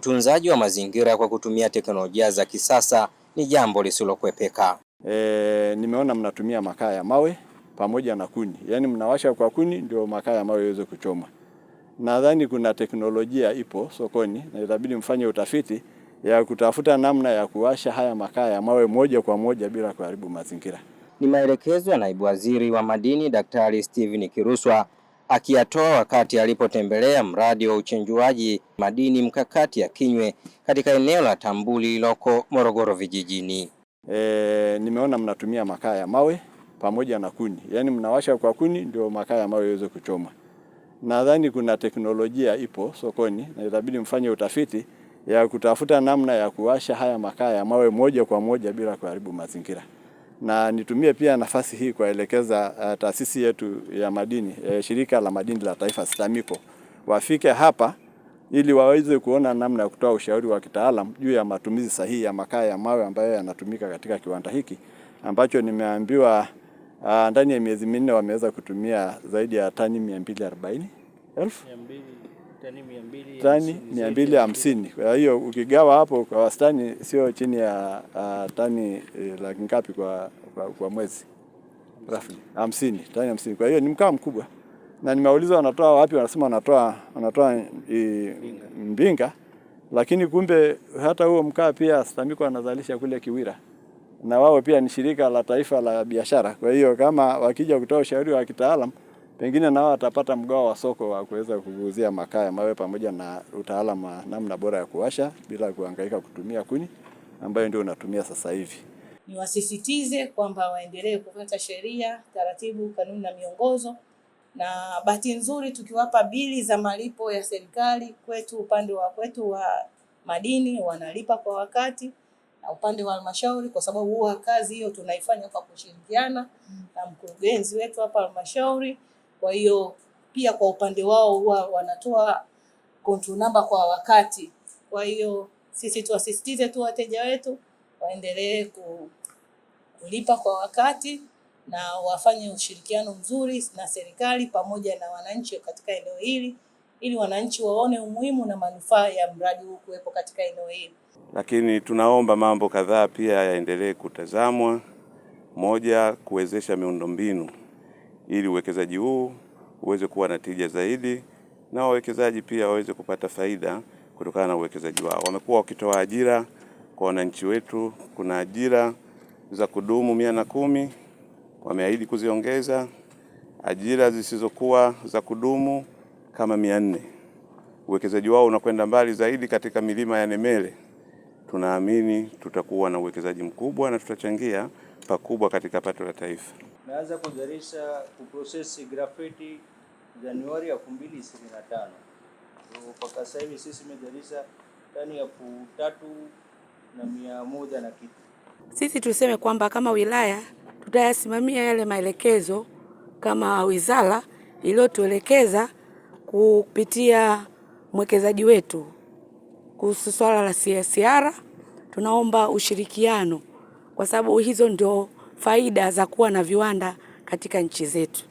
Utunzaji wa mazingira kwa kutumia teknolojia za kisasa ni jambo lisilokwepeka. E, nimeona mnatumia makaa ya mawe pamoja na kuni, yaani mnawasha kwa kuni ndio makaa ya mawe yaweze kuchoma. Nadhani kuna teknolojia ipo sokoni na itabidi mfanye utafiti ya kutafuta namna ya kuwasha haya makaa ya mawe moja kwa moja bila kuharibu mazingira. Ni maelekezo ya naibu waziri wa madini Daktari Steven Kiruswa akiyatoa wakati alipotembelea mradi wa uchenjuaji madini mkakati ya Kinywe katika eneo la Tambuli loko Morogoro vijijini. E, nimeona mnatumia makaa ya mawe pamoja na kuni, yaani mnawasha kwa kuni ndio makaa ya mawe yaweze kuchoma Nadhani kuna teknolojia ipo sokoni na itabidi mfanye utafiti ya kutafuta namna ya kuwasha haya makaa ya mawe moja kwa moja bila kuharibu mazingira na nitumie pia nafasi hii kuwaelekeza uh, taasisi yetu ya madini uh, shirika la madini la taifa STAMICO wafike hapa ili waweze kuona namna ya kutoa ushauri wa kitaalam juu ya matumizi sahihi ya makaa ya mawe ambayo yanatumika katika kiwanda hiki ambacho nimeambiwa uh, ndani ya miezi minne wameweza kutumia zaidi ya tani mia mbili arobaini elfu tani mia mbili hamsini. Kwa hiyo ukigawa hapo kwa wastani sio chini ya uh, tani uh, laki ngapi kwa, kwa, kwa mwezi roughly hamsini, tani hamsini. Kwa hiyo ni mkaa mkubwa, na nimeuliza wanatoa wapi, wanasema wanatoa wanatoa e, Mbinga, lakini kumbe hata huo mkaa pia Astamiko anazalisha kule Kiwira na wao pia ni shirika la taifa la biashara. Kwa hiyo kama wakija kutoa ushauri wa kitaalam pengine nao watapata mgao wa soko wa kuweza kuuzia makaa ya mawe pamoja na utaalamu wa namna bora ya kuwasha bila kuhangaika kutumia kuni ambayo ndio unatumia sasa hivi. Niwasisitize kwamba waendelee kufuata sheria, taratibu, kanuni na miongozo. Na bahati nzuri tukiwapa bili za malipo ya serikali kwetu, upande wa kwetu wa madini wanalipa kwa wakati na upande wa halmashauri, kwa sababu huwa kazi hiyo tunaifanya kwa kushirikiana na mkurugenzi wetu hapa halmashauri. Kwa hiyo pia kwa upande wao huwa wanatoa control number kwa wakati. Kwa hiyo sisi tuwasisitize tu wateja wetu waendelee kulipa kwa wakati na wafanye ushirikiano mzuri na serikali pamoja na wananchi katika eneo hili ili wananchi waone umuhimu na manufaa ya mradi huu kuwepo katika eneo hili. Lakini tunaomba mambo kadhaa pia yaendelee kutazamwa, moja, kuwezesha miundombinu ili uwekezaji huu uweze kuwa na tija zaidi na wawekezaji pia waweze kupata faida kutokana na uwekezaji wao. Wamekuwa wakitoa ajira kwa wananchi wetu, kuna ajira za kudumu mia na kumi wameahidi kuziongeza, ajira zisizokuwa za kudumu kama mia nne. Uwekezaji wao unakwenda mbali zaidi katika milima ya nemele Tunaamini tutakuwa na uwekezaji mkubwa na tutachangia pakubwa katika pato la taifa. Tumeanza kuzalisha kuprocess grafiti Januari elfu mbili ishirini na tano mpaka sasa hivi sisi tumezalisha tani elfu tatu na mia moja na kitu. Sisi tuseme kwamba kama wilaya tutayasimamia yale maelekezo kama wizara iliyotuelekeza kupitia mwekezaji wetu kuhusu swala la CSR. Tunaomba ushirikiano kwa sababu hizo ndio faida za kuwa na viwanda katika nchi zetu.